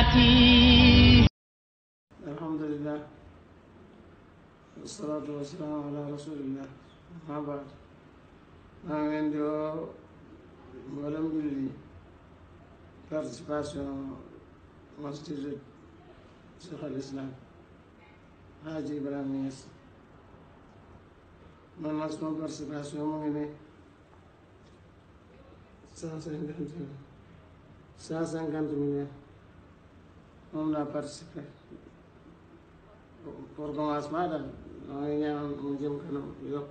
صلاتي الحمد لله والصلاة والسلام على رسول الله أما بعد maa ngeen di woo mboolem julli participation masjid Cheikh al Islam Haaji Ibrahima Niass man nag sama participation mu ngi ne cent cinquante cent cinquante millions moom laa participé pour commencement daal maa ngi ñaanal mu jëm kanam yokk